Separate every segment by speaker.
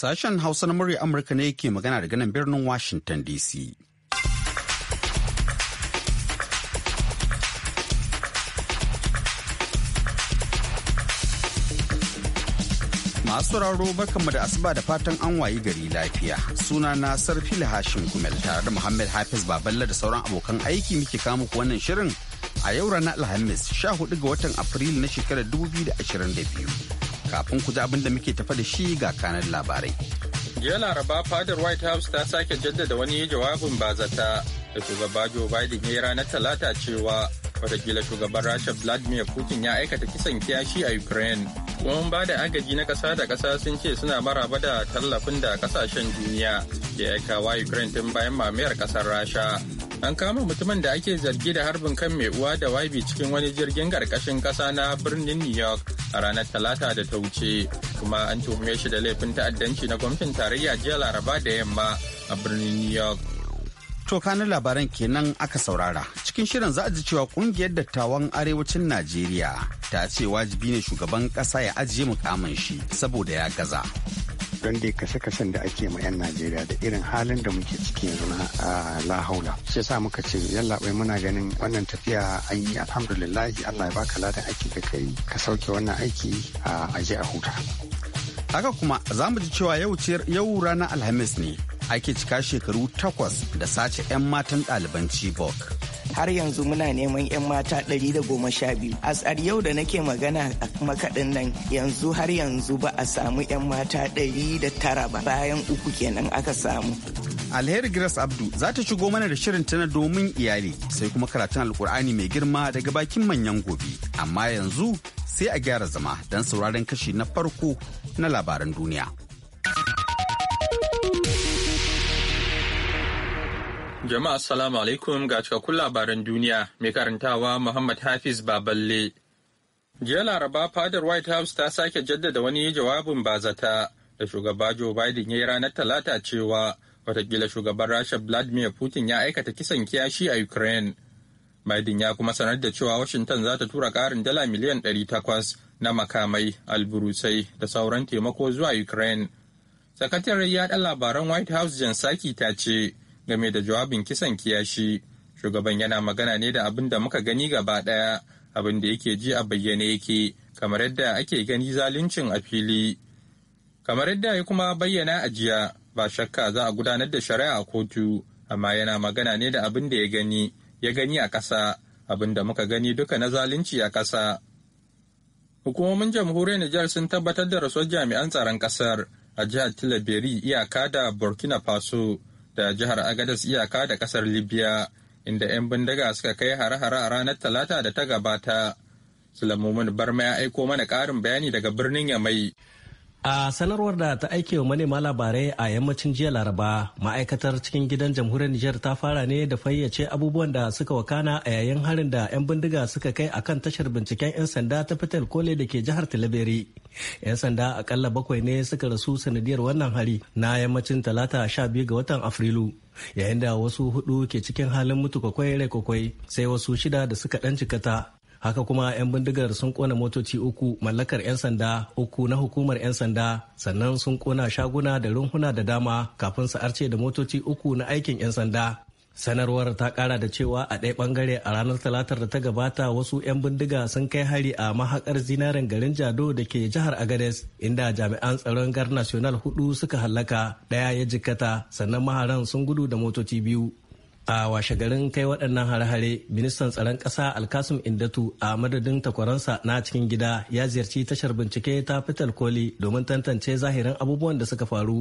Speaker 1: Sashen Hausa na murya Amurka ne ke magana da ganin birnin Washington DC. sauraro barkanmu da asuba da fatan an wayi gari lafiya. Suna na sarfi Hashim Kumel tare da Muhammad Hafiz Baballa da sauran abokan aiki muke kamu ku wannan shirin a yau ranar Alhamis 14 ga watan Afrilu na shekarar 2022. Kafin ku ji abin da muke tafa da shi ga kanan labarai.
Speaker 2: Jiya Laraba fadar White House ta sake jaddada wani jawabin bazata da shugaba Joe Biden ya ranar Talata cewa watakila shugaban rasha vladimir putin ya aikata kisan kiyashi a ukraine kuma ba da agaji na kasa da kasa sun ce suna maraba da tallafin da kasashen duniya ya aikawa ukraine tun bayan mamayar kasar rasha an kama mutumin da ake zargi da harbin kan mai uwa da wabi cikin wani jirgin karkashin kasa na birnin new york a ranar talata da ta wuce kuma an tuhume shi da laifin ta'addanci na gwamnatin tarayya jiya laraba da yamma a birnin new york
Speaker 1: To kanin labaran kenan aka saurara. Cikin shirin za a ji cewa kungiyar dattawan arewacin Najeriya ta ce wajibi ne shugaban kasa ya ajiye mukamin shi saboda ya
Speaker 3: gaza. don dai kashe kasan da ake ma 'yan Najeriya da irin halin da muke ciki yanzu na lahaula. Shi sa muka ce yalla bai muna ganin wannan tafiya an yi alhamdulillahi Allah ya baka ladan aiki da kai ka sauke wannan aiki a aje a huta.
Speaker 1: Haka kuma za mu ji cewa yau ranar Alhamis ne ake cika shekaru takwas da sace 'yan matan ɗaliban Chibok.
Speaker 4: har yanzu muna neman 'yan mata ɗari da goma sha 112 a yau da nake magana a makaɗin nan yanzu har yanzu ba a samu 'yan mata ɗari da tara ba bayan uku kenan aka samu alheri grace abdu
Speaker 1: za ta shigo mana da shirin tana domin iyali sai kuma karatun alkur'ani mai girma daga bakin manyan gobe amma yanzu sai a gyara zama don sauraron kashi na farko na labaran duniya.
Speaker 2: Jama'a assalamu alaikum ga cikakkun labaran duniya mai karantawa Muhammad Hafiz Baballe. Jiya Laraba fadar White House ta sake jaddada wani jawabin bazata da shugaba Joe Biden ya yi ranar Talata cewa watakila shugaban Rasha Vladimir Putin ya aikata kisan kiyashi a Ukraine. Biden ya kuma sanar da cewa Washington za ta tura ƙarin dala miliyan 800 na makamai, alburusai da sauran taimako zuwa Ukraine. Sakataren yaɗa labaran White House Jan Saki ta ce, game da jawabin kisan kiyashi shugaban yana magana ne da abin da muka gani gaba ɗaya abin da yake ji a bayyane yake kamar yadda ake gani zaluncin a fili kamar yadda ya kuma bayyana a jiya ba shakka za a gudanar da shari'a a kotu amma yana magana ne da abin da ya gani ya gani a ƙasa abin da muka gani duka na zalunci a ƙasa hukumomin jamhuriyar Nijar sun tabbatar da rasuwar jami'an tsaron ƙasar a jihar Tilaberi iyaka da Burkina Faso da jihar agadas iyaka da kasar libya inda 'yan bindiga suka kai hare-hare a ranar talata da ta gabata sulamumin barma ya aiko mana ƙarin bayani daga birnin yamai A
Speaker 5: sanarwar da ta aike wa manema labarai a yammacin jiya Laraba, ma'aikatar cikin gidan jamhuriyar Nijar ta fara ne da fayyace abubuwan da suka wakana a yayin harin da 'yan bindiga suka kai akan tashar binciken 'yan sanda ta fitar kole da ke jihar Talabere. 'Yan sanda akalla bakwai ne suka rasu sanadiyar wannan hari na yammacin talata sha biyu ga watan Afrilu. yayin da wasu hudu ke cikin halin mutu kwakwai rai kwakwai sai wasu shida da suka dan jikata haka kuma 'yan bindigar sun kona motoci uku mallakar 'yan sanda uku na hukumar 'yan sanda sannan sun kona shaguna da runhuna da dama kafin su arce da motoci uku na aikin 'yan sanda sanarwar ta kara da cewa a ɗaya bangare a ranar talatar da ta gabata wasu 'yan bindiga sun kai hari a mahakar zinarin garin jado da ke jihar agades inda jami'an tsaron gar national hudu suka hallaka ɗaya ya jikkata sannan maharan sun gudu da motoci biyu a washe garin kai waɗannan hare-hare ministan tsaron ƙasa alkasim indatu a madadin takwaransa na cikin gida ya ziyarci tashar bincike ta fitar koli domin tantance zahirin abubuwan da suka faru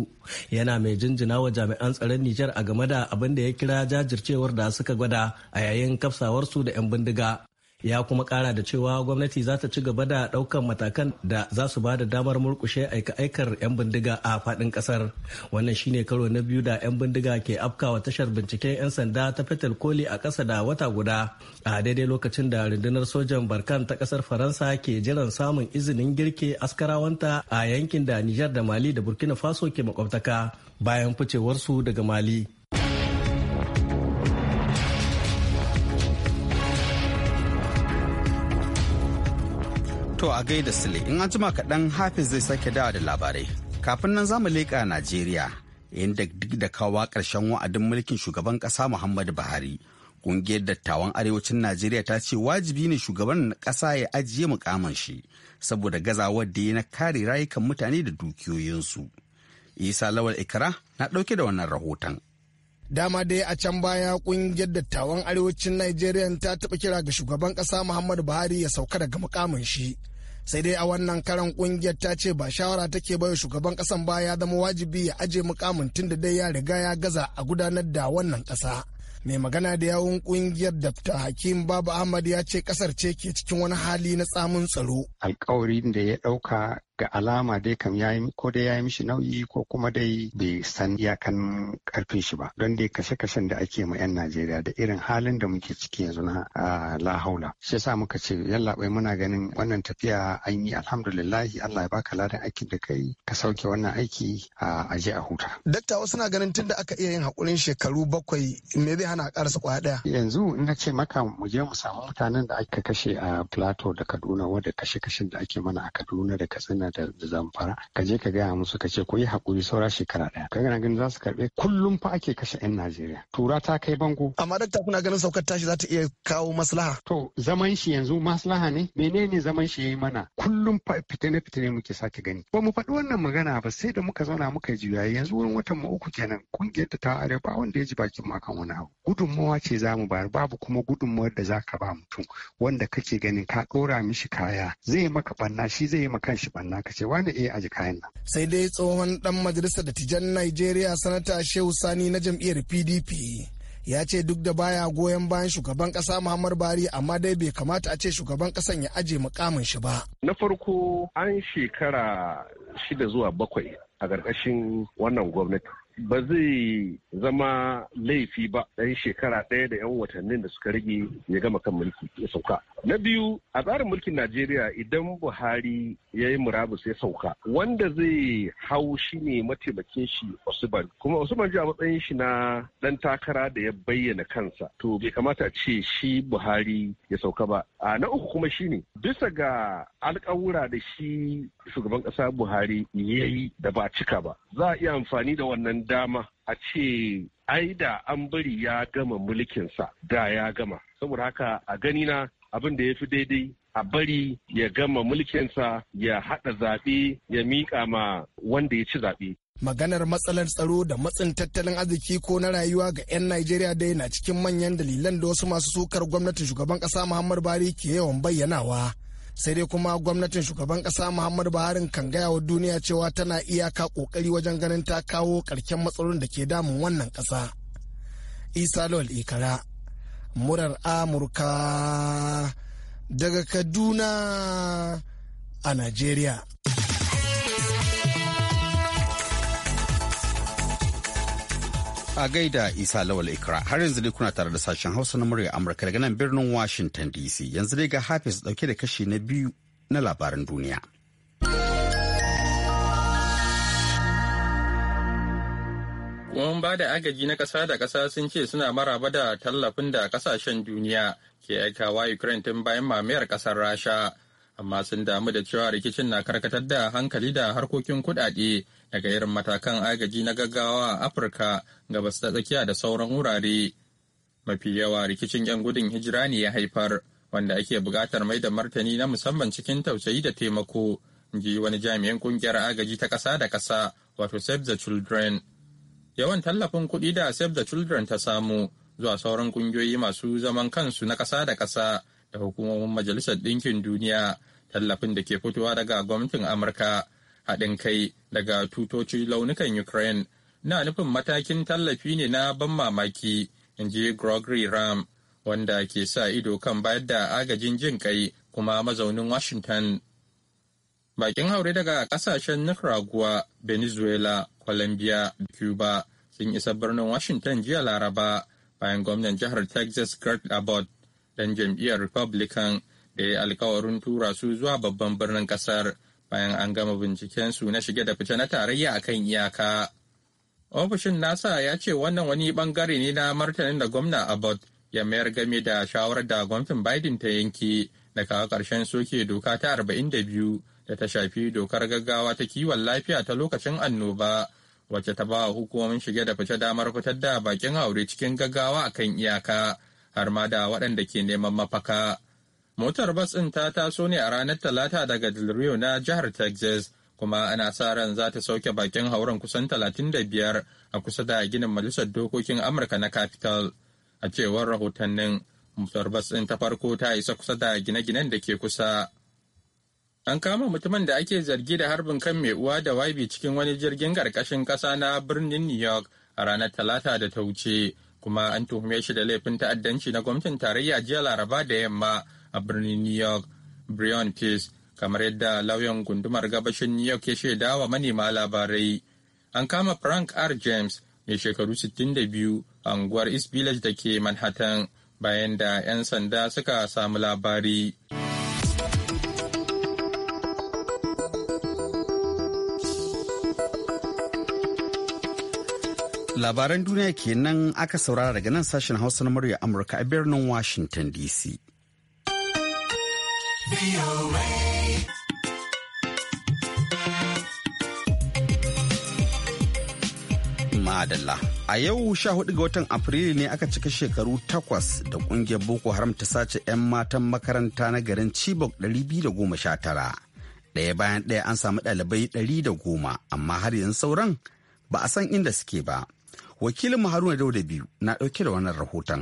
Speaker 5: yana mai jinjina wa jami'an tsaron nijar a game da abin da ya kira jajircewar da suka gwada a yayin kafsawarsu da 'yan bindiga ya kuma kara da cewa gwamnati za ta ci gaba da daukan matakan da za su ba da damar murkushe aika-aikar 'yan bindiga a fadin kasar wannan shine karo na biyu da 'yan bindiga ke afkawa tashar binciken 'yan sanda ta fetal koli a kasa da wata guda a daidai lokacin da rundunar sojan barkan ta kasar faransa ke jiran samun izinin girke askarawanta a yankin da nijar da mali da burkina faso ke makwabtaka bayan ficewarsu daga mali
Speaker 1: To a gaida Sule, in an jima kaɗan Hafiz zai sake dawa da labarai. Kafin nan zamu leƙa Najeriya, inda duk da kawo ƙarshen wa'adin mulkin shugaban ƙasa Muhammadu Buhari. Ƙungiyar dattawan arewacin Najeriya ta ce wajibi ne shugaban ƙasa ya ajiye mukamin shi, saboda gazawar da ya na kare rayukan mutane da dukiyoyinsu. Isa Lawal Ikra na ɗauke da wannan rahoton.
Speaker 6: dama dai a can baya kungiyar dattawan arewacin Najeriya ta taɓa kira ga shugaban ƙasa Muhammadu Buhari ya sauka daga mukamin shi sai dai a wannan karan kungiyar ta ce ba shawara take bayo shugaban kasan ba ya zama wajibi ya aje mukamin tun da dai ya riga ya gaza a gudanar da wannan kasa mai magana da yawun kungiyar dafta hakim babu ahmad ya ce kasar ce ke cikin wani hali na tsamun tsaro
Speaker 3: alkawarin da ya dauka ga alama dai kam ya yi ko dai ya yi mishi nauyi ko kuma dai bai san iyakan karfin shi ba don dai kashe-kashen da ake ma 'yan Najeriya da irin halin da muke ciki yanzu na lahaula. Shi yasa muka ce yallaɓai muna ganin wannan tafiya an yi alhamdulillahi Allah ya baka ladan aikin da kai ka sauke wannan aiki a je a huta.
Speaker 6: Dakta wasu na ganin tunda aka iya yin haƙurin shekaru bakwai me zai hana a ƙarasa kwaya ɗaya.
Speaker 3: Yanzu in na ce maka mu je mu samu mutanen da aka kashe a Plateau da Kaduna wanda kashe-kashen da ake mana a Kaduna da Katsina da Zamfara ka je ka gaya musu ka ce ko yi hakuri saura shekara ɗaya ka gana ganin za su karɓe kullum fa ake kashe 'yan Najeriya tura ta kai bango. Amma ta kuna ganin saukar tashi za ta iya kawo maslaha. To zaman shi yanzu maslaha ne menene zaman shi yayi mana kullum fitine fitine muke sake gani. Ba mu faɗi wannan magana ba sai da muka zauna muka juya yanzu wurin watan mu uku kenan kungiyar ta ta arewa ba wanda ya ji bakin mu akan wani abu. Gudunmawa ce za mu bayar babu kuma gudunmawar da za ka ba mutum wanda kake ganin ka ɗora mishi kaya zai maka banna shi zai yi maka shi banna aka ce wani iya eh aji kayan nan. Sai
Speaker 6: dai tsohon dan majalisar dattijan Najeriya sanata Shehu Sani na jam'iyyar PDP ya ce duk da baya goyon bayan shugaban kasa Muhammad bari amma dai bai kamata a ce shugaban kasan ya aje mukamin shi ba.
Speaker 7: Na farko an shekara shida zuwa bakwai a ƙarƙashin wannan gwamnati ba zai zama laifi ba ɗan shekara ɗaya da 'yan watannin da suka rage ya gama kan mulki ya sauka. Na biyu a tsarin mulkin Najeriya idan Buhari ya yi murabus ya sauka wanda zai hau shi ne mataimakin shi Usman kuma Usman a matsayin shi na ɗan takara da ya bayyana kansa to bai kamata ce shi Buhari ya sauka ba. A na uku kuma shi ne bisa ga alƙawura da shi shugaban ƙasa Buhari ya yi da ba cika ba za a iya amfani da wannan dama a ce ai da an bari ya gama mulkinsa da ya gama saboda haka a gani na abin da ya fi daidai a bari ya gama mulkinsa ya haɗa zaɓe ya miƙa ma wanda ya ci zaɓe.
Speaker 6: Maganar matsalar tsaro da matsin tattalin arziki ko na rayuwa ga 'yan Najeriya dai na cikin manyan dalilan da wasu masu sukar gwamnatin shugaban ƙasa Muhammadu Buhari ke yawan bayyanawa. sai dai kuma gwamnatin shugaban kasa muhammadu buhari kan gaya wa duniya cewa tana iyaka kokari wajen ganin ta kawo karken matsalolin da ke damun wannan kasa isa lol ikara murar amurka daga kaduna a nigeria.
Speaker 1: A gaida Isa Lawal Ikra har yanzu dai kuna tare da sashen Hausa na murya Amurka daga nan birnin Washington DC yanzu dai ga Hafiz dauke da kashi na biyu na labaran duniya.
Speaker 2: Hukumomin ba da agaji na kasa da kasa sun ce suna maraba da tallafin da ƙasashen duniya ke aikawa Ukraine tun bayan mamayar kasar Rasha. amma sun damu da cewa rikicin na karkatar da hankali da harkokin kudade daga irin matakan agaji na gaggawa a afirka gabas ta tsakiya da sauran wurare mafi yawa rikicin 'yan gudun hijira ne ya haifar wanda ake bukatar mai da martani na musamman cikin tausayi da taimako ji wani jami'in kungiyar agaji ta ƙasa da ƙasa wato save the children yawan tallafin kuɗi da save the children ta samu zuwa sauran kungiyoyi masu zaman kansu na ƙasa da ƙasa da hukumomin majalisar ɗinkin duniya tallafin da ke fitowa daga gwamnatin amurka haɗin kai daga tutoci launukan ukraine na nufin matakin tallafi ne na ban mamaki in ji gregory ram wanda ke sa ido kan bayar da agajin jin kai kuma mazaunin washington bakin haure daga kasashen nicaragua venezuela colombia cuba sun isa birnin washington jiya laraba bayan gwamnan jihar texas greg abbott dan jam'iyyar republican da ya alkawarin tura su zuwa babban birnin kasar bayan an gama binciken su na shige da fice na tarayya a kan iyaka. Ofishin nasa ya ce wannan wani bangare ne na martanin da gwamna Abbott ya mayar game da shawarar da gwamnatin Biden ta yanke da kawo ƙarshen soke doka ta arba'in da biyu da ta shafi dokar gaggawa ta kiwon lafiya ta lokacin annoba wacce ta ba hukumomin shige da fice damar fitar da bakin haure cikin gaggawa a kan iyaka har ma da waɗanda ke neman mafaka. Motar bas ɗin ta taso ne a ranar Talata daga Del Rio na jihar Texas, kuma ana sa ran za ta sauke bakin hauren kusan 35 a kusa da ginin Majalisar Dokokin Amurka na capital A cewar rahotannin, motar bas ɗin ta farko ta isa kusa da gine-ginen da ke kusa. An kama mutumin da ake zargi da harbin kan mai uwa da waibi cikin wani jirgin ƙarƙashin ƙasa na birnin New York a ranar Talata da ta wuce, kuma an tuhume shi da laifin ta'addanci na gwamnatin tarayya jiya Laraba da yamma a birnin New York, Brian Pace, kamar yadda lauyan gundumar gabashin New York ya shaida wa manema labarai. An kama Frank R. James mai shekaru 62 a unguwar East Village da ke Manhattan bayan da 'yan sanda suka samu labari.
Speaker 1: Labaran duniya kenan aka saurara daga nan sashen Hausa na murya Amurka a birnin Washington DC. Madalla. A yau 14 ga watan Afrilu ne aka cika shekaru takwas da kungiyar Boko Haram ta sace 'yan matan makaranta na garin Chibok 219. Ɗaya bayan ɗaya an samu ɗalibai goma, amma har yanzu sauran ba a san inda suke ba. Wakilin Haruna Dauda biyu na ɗauke da
Speaker 8: wannan rahoton.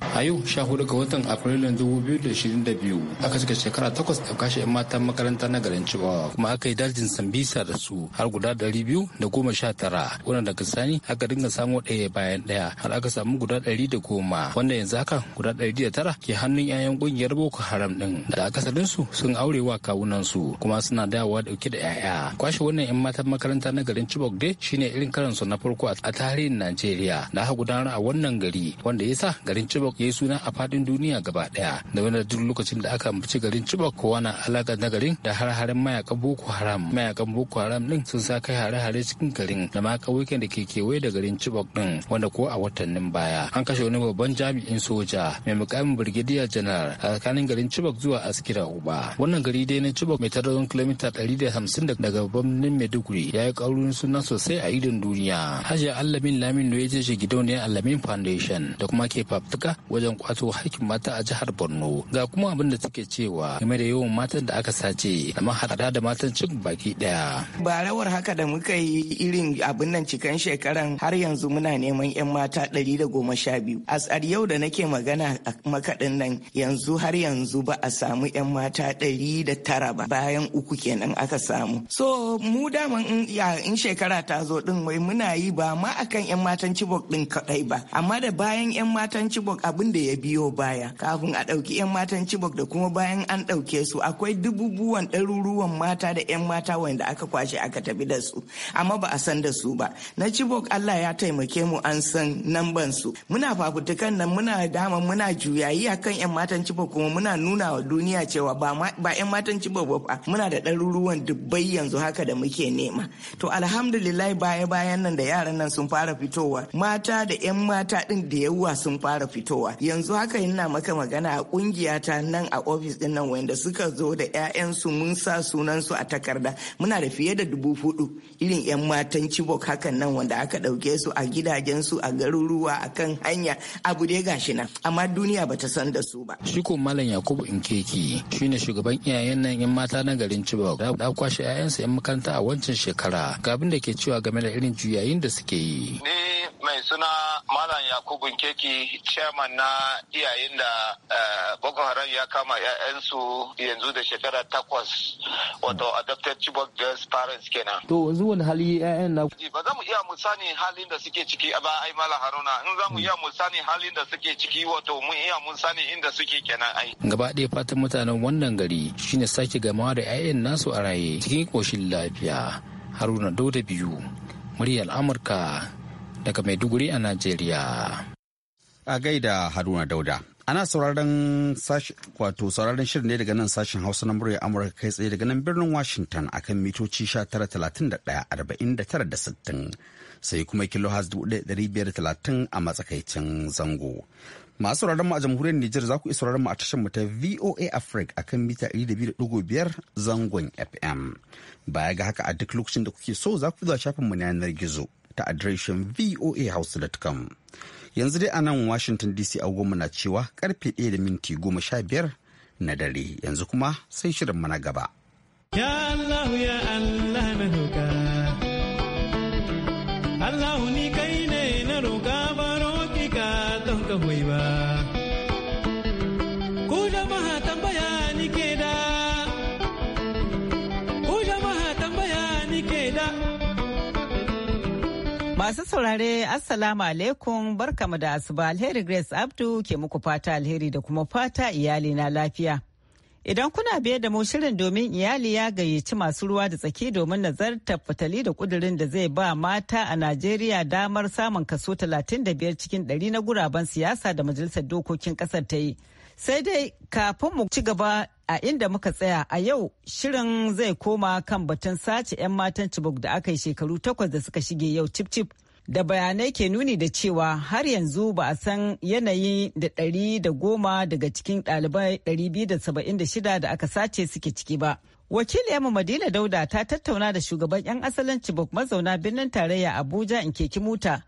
Speaker 8: a yau sha hudu ga watan afrilun dubu biyu da shirin da biyu aka cika shekara takwas da kashe yan matan makaranta na garin cibawa kuma aka yi dajin sambisa da su har guda dari biyu da goma sha tara wanda daga sani aka dinga samo ɗaya bayan ɗaya har aka samu guda ɗari da goma wanda yanzu haka guda ɗari da tara ke hannun yayan ƙungiyar boko haram ɗin da akasarin su sun aure wa kawunan su kuma suna dawowa ɗauke da yaya kwashe wannan yan matan makaranta na garin cibok dai shine irin karansu na farko a tarihin najeriya da aka gudanar a wannan gari wanda ya garin cibok Chibok ya yi suna a fadin duniya gaba daya da wani duk lokacin da aka ambaci garin Chibok ko wani alaka na garin da har-haren mayakan Boko Haram. Mayakan Boko Haram din sun sa kai hare-hare cikin garin da ma ƙauyukan da ke kewaye da garin Chibok din wanda ko a watannin baya an kashe wani babban jami'in soja mai mukamin birgidiya janar a tsakanin garin Chibok zuwa Askira Uba. Wannan gari dai na Chibok mai tarazon kilomita 150 daga birnin Maiduguri ya yi ƙaurin suna sosai a idon duniya. Hajiya Allamin Lamin ya je gidauniyar Allamin Foundation da kuma ke fafuka wajen kwato haƙƙin mata a jihar Borno. Ga kuma abin da take cewa game da yawan matan da aka sace da mahaɗa da matan cin baki ɗaya.
Speaker 4: Ba rawar haka da muka yi irin abin nan cikan shekaran har yanzu muna neman 'yan mata ɗari da goma sha biyu. Asar yau da nake magana a makaɗin nan yanzu har yanzu ba a samu 'yan mata ɗari da tara ba bayan uku kenan aka samu. So mu daman in shekara ta zo ɗin wai muna yi ba ma akan 'yan matan cibok ɗin kaɗai ba amma da bayan 'yan matan cibok. abin da ya biyo baya kafin a ɗauki 'yan matan cibok da kuma bayan an ɗauke su akwai dububuwan ɗaruruwan mata da 'yan mata wanda aka kwashe aka tafi da su amma ba a san da su ba na cibok Allah ya taimake mu an san namban su muna fafutukan nan muna dama muna juyayi a kan 'yan matan cibok kuma muna nuna wa duniya cewa ba 'yan matan cibok ba fa muna da ɗaruruwan dubbai yanzu haka da muke nema to alhamdulillah baya bayan nan da yaran nan sun fara fitowa mata da 'yan mata ɗin da yawa sun fara fitowa fitowa yanzu haka ina maka magana a kungiya ta nan a ofis din nan wanda suka zo da 'ya'yansu mun sa sunan su a takarda muna da fiye da dubu hudu irin 'yan matan cibok hakan nan wanda aka ɗauke su a gidajen su a garuruwa a kan hanya abu dai gashi nan amma duniya bata san da su ba
Speaker 8: shi ko malam yakubu in keke shine shugaban iyayen nan 'yan mata na garin cibok da kwashe su 'yan makaranta a wancan shekara ga abin da ke cewa game da irin juyayin da suke yi
Speaker 6: mai suna malam yakubu
Speaker 7: keki chairman na iyayen da eh, boko haram ya kama 'ya'yansu yanzu da shekara takwas wato adopted chibok girls parents kenan to
Speaker 3: yanzu
Speaker 8: wani hali 'ya'yan na ba za mu iya mu sani halin da suke ciki ba ai malam
Speaker 6: haruna in za mu mm. iya mu sani halin da suke ciki wato mun iya mun sani inda suke kenan ai
Speaker 8: gaba ɗaya fatan mutanen wannan gari shine sake gamawa da 'ya'yan nasu a raye cikin koshin lafiya haruna dauda biyu muryar amurka daga Maiduguri a Najeriya.
Speaker 1: A gaida Haruna Dauda. Ana sauraron wato sauraron shirin ne daga nan sashen Hausa na murya Amurka kai tsaye daga nan birnin Washington akan mitoci 1931 sai kuma kilohaz 1530 a matsakaicin zango. Masu sauraron mu a jamhuriyar Nijar za ku iya sauraron mu a tashar mu ta VOA Africa akan mita 200.5 zangon FM. Baya ga haka a duk lokacin da kuke so za ku zuwa shafin mu na yanar gizo ta adireshin voahouse.com. Yanzu dai anan nan Washington DC agogo na cewa karfe 1 da minti goma sha biyar na dare yanzu kuma sai shirin mana gaba.
Speaker 5: Ya na Allah ni
Speaker 9: Masu saurare Assalamu alaikum barkamu da asuba alheri Grace Abdu ke muku fata alheri da kuma fata iyali na lafiya. Idan kuna biye da mu shirin domin iyali ya gayyaci masu ruwa da tsaki domin nazartar fitali da kudirin da zai ba mata a Najeriya damar samun kaso 35 cikin 100 na guraben siyasa da majalisar dokokin kasar ta yi. Sai dai kafin mu ci gaba a inda muka tsaya a yau shirin zai koma kan batun sace 'yan matan Chibok da aka yi shekaru takwas da suka shige yau cip cip da bayanai ke nuni da cewa har yanzu ba a san yanayi da ɗari da goma daga cikin ɗalibai biyu da saba'in da da shida aka sace suke ciki ba. Wakiliyarmu Madina Dauda ta tattauna da shugaban 'yan asalin Chibok mazauna birnin tarayya Abuja in keki muta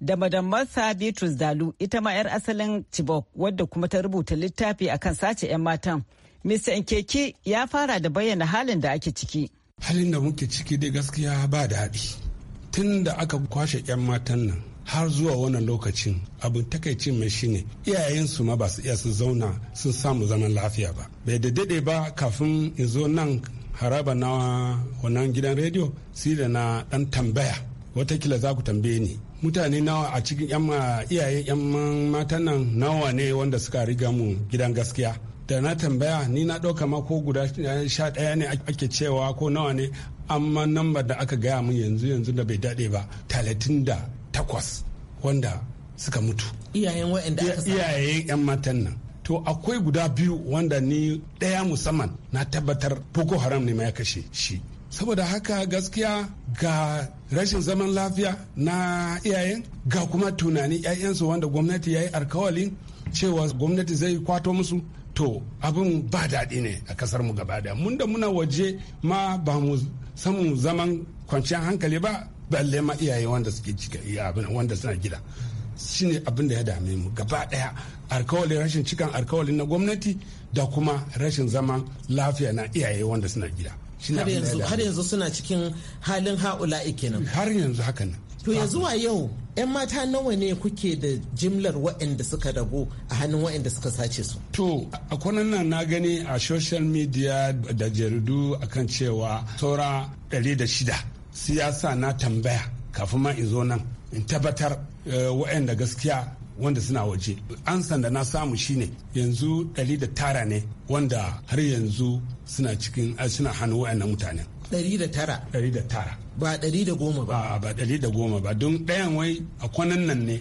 Speaker 9: da madamarsa Bitrus Dalu ita ma 'yar asalin Chibok wadda kuma ta rubuta littafi akan sace 'yan matan. Mr. Nkeki ya fara da bayyana halin da ake ciki.
Speaker 10: Halin da muke ciki dai gaskiya ba daɗi. Tun da aka kwashe 'yan matan nan har zuwa wannan lokacin abin takaici mai shine iyayensu ma ba su iya su zauna sun samu zaman lafiya ba. Bai da daɗe ba kafin in zo nan haraba na wannan gidan rediyo sai da na ɗan tambaya watakila za ku tambaye ni mutane nawa a cikin iyayen yan matan nan nawa ne wanda suka riga mu gidan gaskiya da na tambaya ni na ɗauka ma ko guda sha ɗaya ne ake cewa ko nawa ne amma namba da aka gaya min yanzu yanzu da bai daɗe ba talatin da takwas wanda suka mutu iyayen waɗanda aka iyayen yan matan nan to akwai guda biyu wanda ni ɗaya musamman na tabbatar boko haram ne ma ya kashe shi saboda haka gaskiya ga rashin zaman lafiya na iyayen ga kuma tunani 'ya'yansu wanda gwamnati ya yi alkawalin cewa gwamnati zai kwato musu to abin ba daɗi ne a kasar mu gaba da mun da muna waje ma ba mu samu zaman kwanciyar hankali ba balle ma iyaye wanda suke cika abin wanda suna gida shine abin da ya dame mu gaba daya alkawali rashin cikan alkawalin na gwamnati da kuma rashin zaman lafiya na iyaye wanda suna gida har yanzu suna cikin halin ha'ula'i
Speaker 11: kenan har yanzu haka nan To ya zuwa yau 'yan mata nawa ne kuke da jimlar
Speaker 10: waɗanda suka rabu a hannun waɗanda suka sace su? To, a kwanan nan na gani a social media da jaridu akan cewa saura 600 siyasa na tambaya kafin ma in zo nan in tabbatar eh, waɗanda gaskiya wanda suna waje. An sanda na samu shine yanzu tara ne wanda har yanzu suna cikin suna hannu waɗannan mutanen. 109 ba 110 ba ba 110 ba don ɗayan wai a kwanan nan ne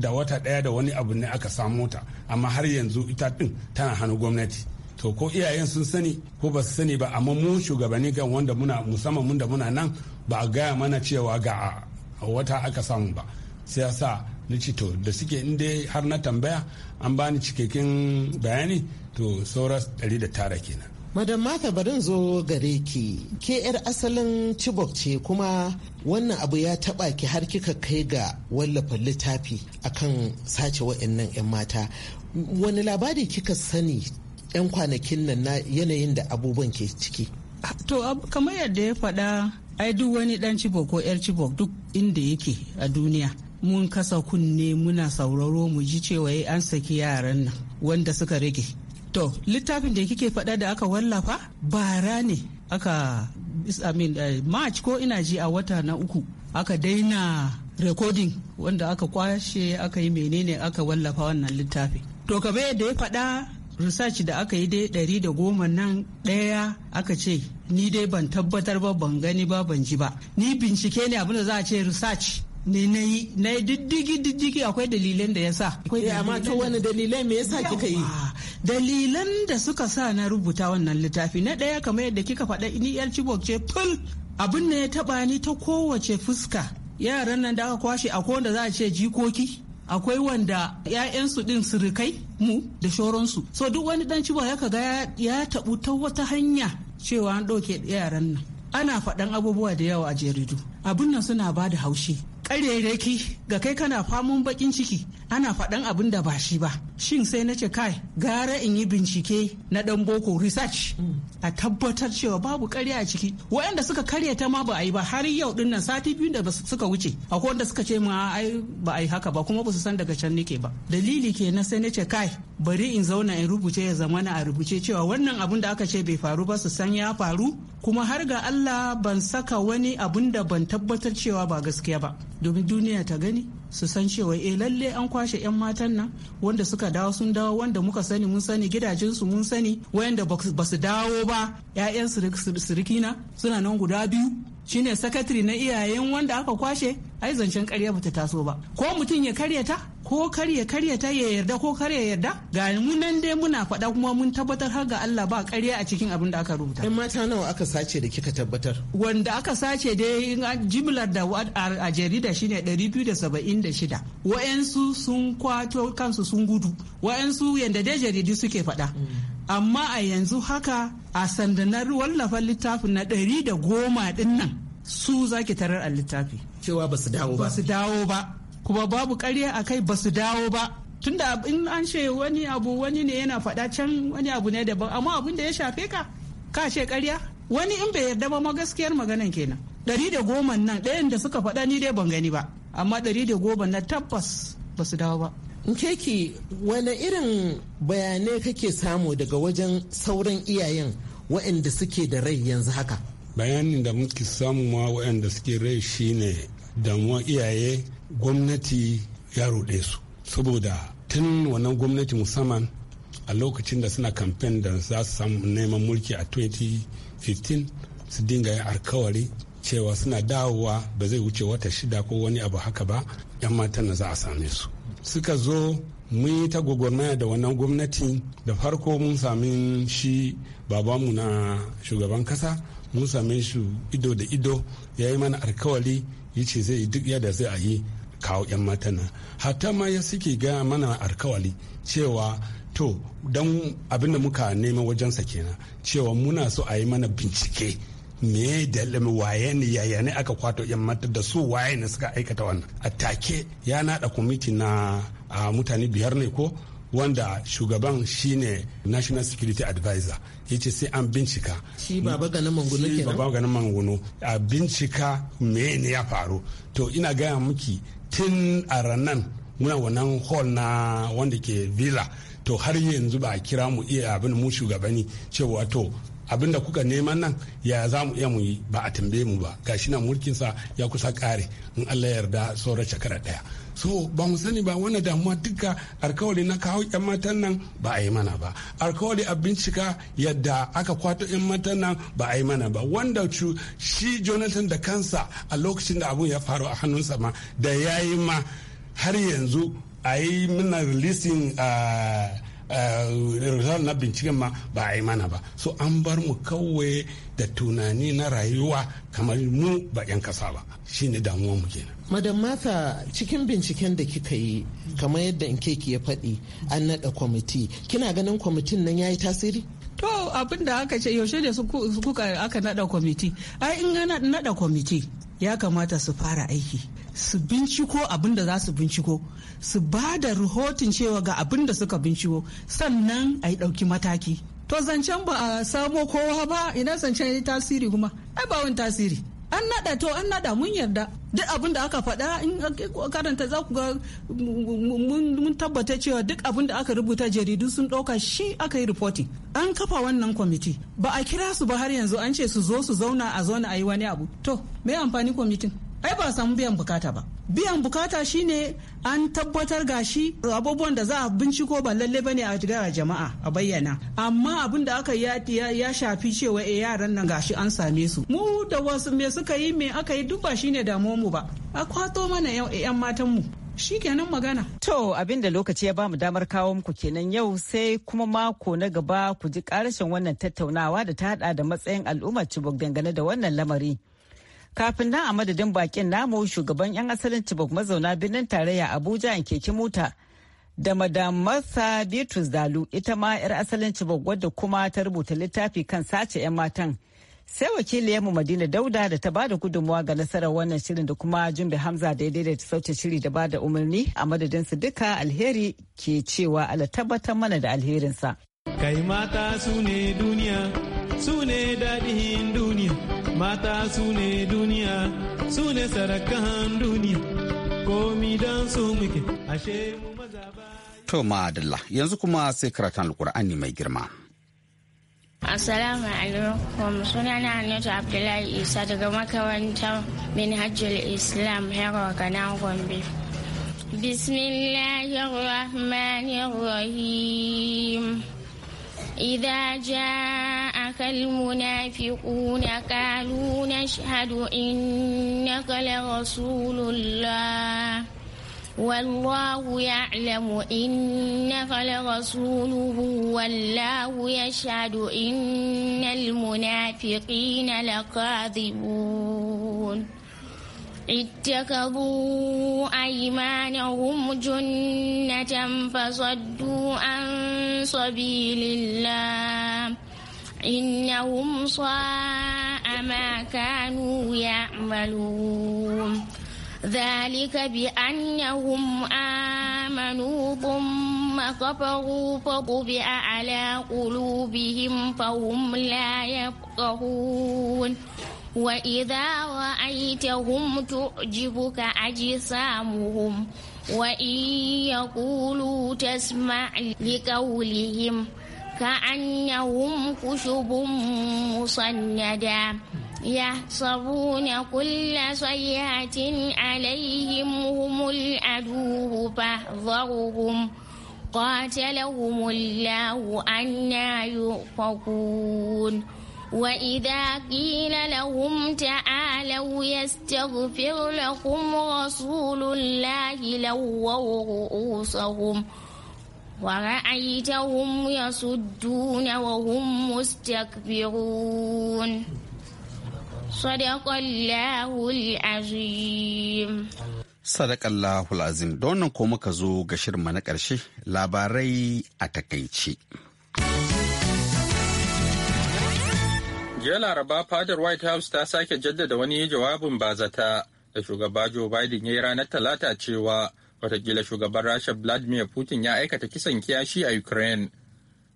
Speaker 10: da wata ɗaya da wani abu ne aka samu ta amma har yanzu ita ɗin tana hannu gwamnati to ko iyayen sun sani ko ba su sani ba amma mu shugabanni kan wanda muna musamman mun da muna nan ba a gaya mana cewa ga a wata aka samu ba sai ya sa na ci to da suke inda har na tambaya an bani cikakken bayani to saura tara kenan
Speaker 11: madam mata barin zo gare ki ke yar asalin chibok ce kuma wannan abu ya taba ki har kika kai ga wallafa littafi akan sace wa'annan 'yan mata wani labari kika sani 'yan kwanakin nan na yanayin da abubuwan ke ciki
Speaker 12: ah, to kamar yadda ya faɗa ai duk wani ɗan chibok ko yar chibok duk inda yake a duniya mun kasa kunne muna sauraro mu ji cewa an saki yaran nan wanda suka rage to littafin da kike faɗa da aka wallafa bara ne aka I mean, eh, march ko ina ji a wata na uku aka daina recording wanda aka kwashe aka yi menene aka wallafa wannan littafi to kamar da ya faɗa research da aka yi dai ɗari da goma nan ɗaya aka ce ni dai ban tabbatar ba ban gani ba ban ji ba ni bincike ne abinda za a ce research ne na yi na yi diddigi diddigi akwai dalilan da ya sa. Eh, amma to wani dalilai me yasa kika yi? Dalilan da suka sa na rubuta wannan littafi na ɗaya kamar yadda kika faɗa ni yar cibok ce ful abin ne ya taba ni ta kowace fuska. Yaran nan da aka kwashe akwai wanda za a ce jikoki. akwai wanda 'ya'yansu din surukai mu da shoronsu so duk wani dan cibo ya kaga ya tabu ta wata hanya cewa an ɗauke yaran nan ana faɗan abubuwa da yawa a jaridu abun nan suna ba da haushi ƙarerraki ga kai kana famun bakin ciki ana faɗan abin da ba shi ba shin sai na ce kai gara in yi bincike na ɗan boko research mm. a tabbatar cewa babu karya a ciki waɗanda suka karya ta ma ba a yi ba har yau din nan sati biyu da suka wuce akwai wanda suka ce ma ai ba a yi haka ba kuma ba su san daga can nake ba dalili ke na sai na ce kai bari in zauna in rubuce ya zama na a rubuce cewa wannan abin da aka ce bai faru ba su san ya faru kuma har ga Allah ban saka wani abin da ban tabbatar cewa ba gaskiya ba domin duniya ta gani su san cewa eh lalle an kwashe 'yan matan nan wanda suka dawo sun dawo wanda muka sani mun sani gidajensu mun sani wayanda ba su dawo ba 'ya'yan sirikina suna nan guda biyu shine sakatari na iyayen wanda aka kwashe ai zancen karya bata taso ba ko mutum ya karya ta ko kar ya karya ta ya yarda ko kar ya yarda ga mu nan dai muna faɗa kuma mun tabbatar har ga Allah ba ƙarya a cikin abin da aka rubuta. Ɗan mata nawa aka sace da kika tabbatar? Wanda aka sace dai jimlar da a jarida shine 276. Wa'yansu sun kwato kansu sun gudu. Wa'yansu yanda dai jaridu suke faɗa. Mm. Amma a yanzu haka a sandanar wallafa littafin na ɗari da goma ɗin nan su zaki tarar a littafi. Cewa ba su dawo ba. Ba su dawo ba. kuma babu karya a kai ba su dawo ba tunda in an ce wani abu wani ne yana faɗa can wani abu ne daban amma abin da ya shafe ka ka ce karya wani in bai yarda ba ma gaskiyar maganan kenan ɗari da goma nan ɗayan da suka faɗa ni dai ban gani ba amma ɗari da goma na tabbas ba su dawo ba in keki wane irin
Speaker 11: bayanai kake samu daga wajen sauran iyayen waɗanda suke da rai yanzu haka
Speaker 10: bayanin da muke samu ma waɗanda suke rai shine damuwa iyaye gwamnati ya ruɗe su saboda tun wannan gwamnati musamman a lokacin da suna kamfen da za su samu neman mulki a 2015 su dinga yin alkawari cewa suna dawowa ba zai wuce wata shida ko wani abu haka ba 'yan matan na za a same su suka zo mun yi ta gwagwarmaya da wannan gwamnati da farko mun sami shi babanmu na shugaban kasa mun sami shi ido da ido ya yi mana alkawali ya ce zai duk yadda zai a yi kawo 'yan mata na hata ma ya suke gaya mana alkawali cewa to don abinda muka nema wajensa kenan cewa muna so a yi mana bincike me da waye ne yaya ne aka kwato 'yan mata da su waye ne suka aikata wannan a take ya naɗa kwamiti na mutane biyar ne ko wanda shugaban shine national security advisor ya ce sai an bincika shi baba ganin mangono kenan baba ganin mangunu a bincika me ne ya faru to ina gaya miki tun a ranar muna wannan hall na wanda ke villa to har yanzu ba a kira mu iya abin mu shugabanni cewa to abin da kuka neman nan ya za mu iya mu yi ba a tambaye mu ba gashi na mulkinsa ya kusa kare in allah yarda sauran shekara daya so ba mu sani ba wannan damuwa duka alkawari na kawo yan matan nan ba a yi mana ba alkawari a bincika yadda aka kwato yan matan nan ba a yi mana ba wanda shi jonathan da kansa a lokacin da abun ya faru a hannunsa ma da ya yi ma har yanzu a yi mana releasing uh, result eh, na binciken ma ba a yi mana ba so an bar mu kawai da tunani na rayuwa kamar mu ba 'yan kasa ba shi ne damuwar mu kenan
Speaker 11: madam mata cikin binciken da kika yi kamar yadda in nkeki
Speaker 12: ya faɗi an naɗa kwamiti kina ganin kwamitin nan ya yi tasiri to abin da aka ce yaushe da kuka aka naɗa kwamiti ai in naɗa kwamiti ya kamata su fara aiki su binciko abin da za su binciko su ba da rahoton cewa ga abin da suka binciko sannan a yi ɗauki mataki to zancen ba a samo kowa ba ina zancen yi tasiri kuma ai ba wani tasiri an nada to an nada mun yarda duk abin da aka faɗa in karanta za ku ga mun tabbata cewa duk abin da aka rubuta jaridu sun ɗauka shi aka yi reporting an kafa wannan kwamiti ba a kira su ba har yanzu an ce su zo su zauna a zauna a yi wani abu to me amfani kwamitin ai ba samu biyan bukata ba biyan bukata shine an tabbatar gashi abubuwan da za a binciko ba lalle ba ne a gara jama'a a bayyana amma abin da aka yi ya, shafi cewa e yaran nan gashi an same su mu da wasu me suka yi me aka yi duk ba shine damuwa mu ba a kwato mana eh, yan matan mu shi kenan magana. To abin da lokaci
Speaker 9: ya bamu damar kawo muku kenan yau sai kuma mako na gaba ku ji karashin wannan tattaunawa da ta hada da matsayin al'ummar Chibok dangane da wannan lamari. Kafin nan a madadin bakin namu shugaban 'yan asalin Chibok mazauna birnin tarayya Abuja in keke mota da madamarsa Bitrus Dalu ita ma 'yar asalin Chibok wadda kuma ta rubuta littafi kan sace 'yan matan. Sai mu Madina Dauda da ta bada gudunmuwa ga nasarar wannan shirin da kuma Jumbe Hamza da ya daidaita sauce shiri da bada umarni a madadinsu duka alheri ke cewa ala tabbatar mana da alherinsa.
Speaker 5: Kai mata su ne duniya, su ne daɗin duniya. mata su ne duniya su ne sarakan duniya komi don su muke ashe mu maza
Speaker 1: ba to madalla yanzu kuma sai karatan alkur'ani mai girma
Speaker 5: Assalamu
Speaker 13: alaikum sunana Hannatu Abdullahi Isa daga makarantar Minhajul Islam Hero Gana Gombe. rahim إذا جاء اتبعك المنافقون قالوا نشهد إنك لرسول الله والله يعلم إنك لرسوله والله يشهد إن المنافقين لكاذبون اتخذوا أيمانهم جنة فصدوا عن سبيل الله إنهم صاء ما كانوا يعملون ذلك بأنهم آمنوا ثم كفروا فطبع على قلوبهم فهم لا يفقهون وإذا رأيتهم تعجبك أجسامهم وإن يقولوا تسمع لقولهم كأنهم خشب مصندا يحسبون كل صيحة عليهم هم العدو فاحذرهم قاتلهم الله أنا يؤفكون وإذا قيل لهم تعالوا يستغفر لكم رسول الله لووا رؤوسهم ورأيتهم يصدون وهم مستكبرون صدق الله العظيم
Speaker 1: صدق الله العظيم دون ko muka zo ga shirma na ƙarshe labarai a takaici.
Speaker 2: jiya laraba fadar white house ta sake jaddada wani jawabin bazata da shugaba joe biden ya yi ranar talata cewa watakila shugaban rasha vladimir putin ya aikata kisan kiyashi a ukraine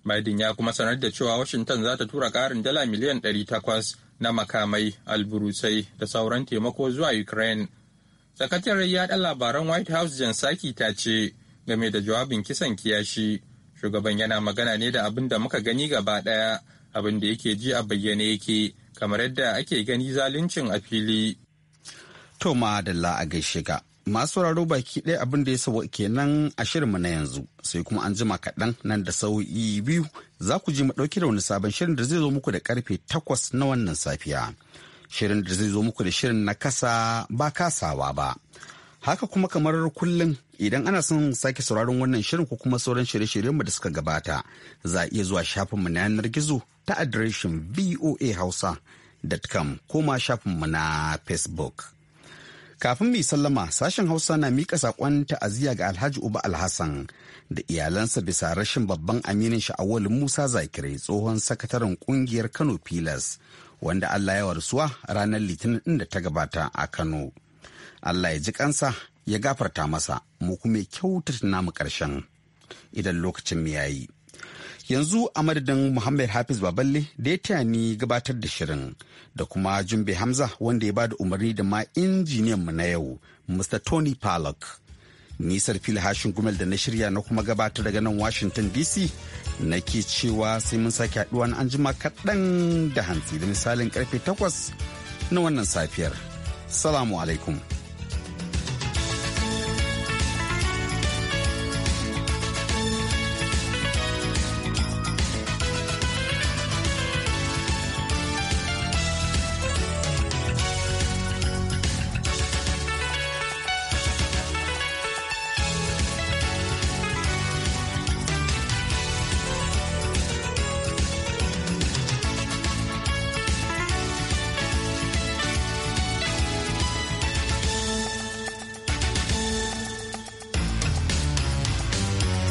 Speaker 2: biden ya kuma sanar da cewa washington za ta tura karin dala miliyan 800 na makamai alburusai da sauran taimako zuwa ukraine sakatare yaɗa labaran white house jan saki ta ce game da jawabin kisan kiyashi shugaban yana magana ne da abin da muka gani gaba daya abin da yake ji a bayyane yake kamar yadda ake gani zaluncin a fili to
Speaker 1: a gaishe ga Masu sauraro baki ɗaya abin da ya sawa kenan a shirinmu na yanzu sai kuma an jima kaɗan nan da sauyi biyu za ku ji mu ɗauki da wani sabon shirin da zai zo muku da karfe takwas na wannan safiya. Shirin da zai zo muku da shirin na kasa ba kasawa ba. Haka kuma kamar kullum idan ana son sake sauraron wannan shirin ko kuma sauran shirye-shiryenmu da suka gabata za a iya zuwa shafinmu na yanar gizo ta adireshin hausa.com ko ma shafinmu na Facebook. Kafin mai sallama sashen Hausa na miƙa saƙon ta'aziyya ga Alhaji Uba Alhassan da iyalansa bisa rashin babban aminin sha'awar Musa Zakire tsohon sakataren ƙungiyar Kano Pilas wanda Allah ya warsuwa ranar Litinin ɗin da ta gabata a Kano. Allah ya ji kansa ya gafarta masa mu kuma kyautata namu ƙarshen idan lokacin mu yayi. yanzu a madadin muhammad hafiz baballe da ya taya ni gabatar da shirin da kuma jumbe hamza wanda ya bada umarni da ma mu na yau mr tony pollock nisar fili hashin gumel da na shirya na kuma gabatar daga nan washington dc nake cewa sai mun sake haduwa na anjima kaɗan da hantsi da misalin karfe 8 na wannan safiyar salamu alaikum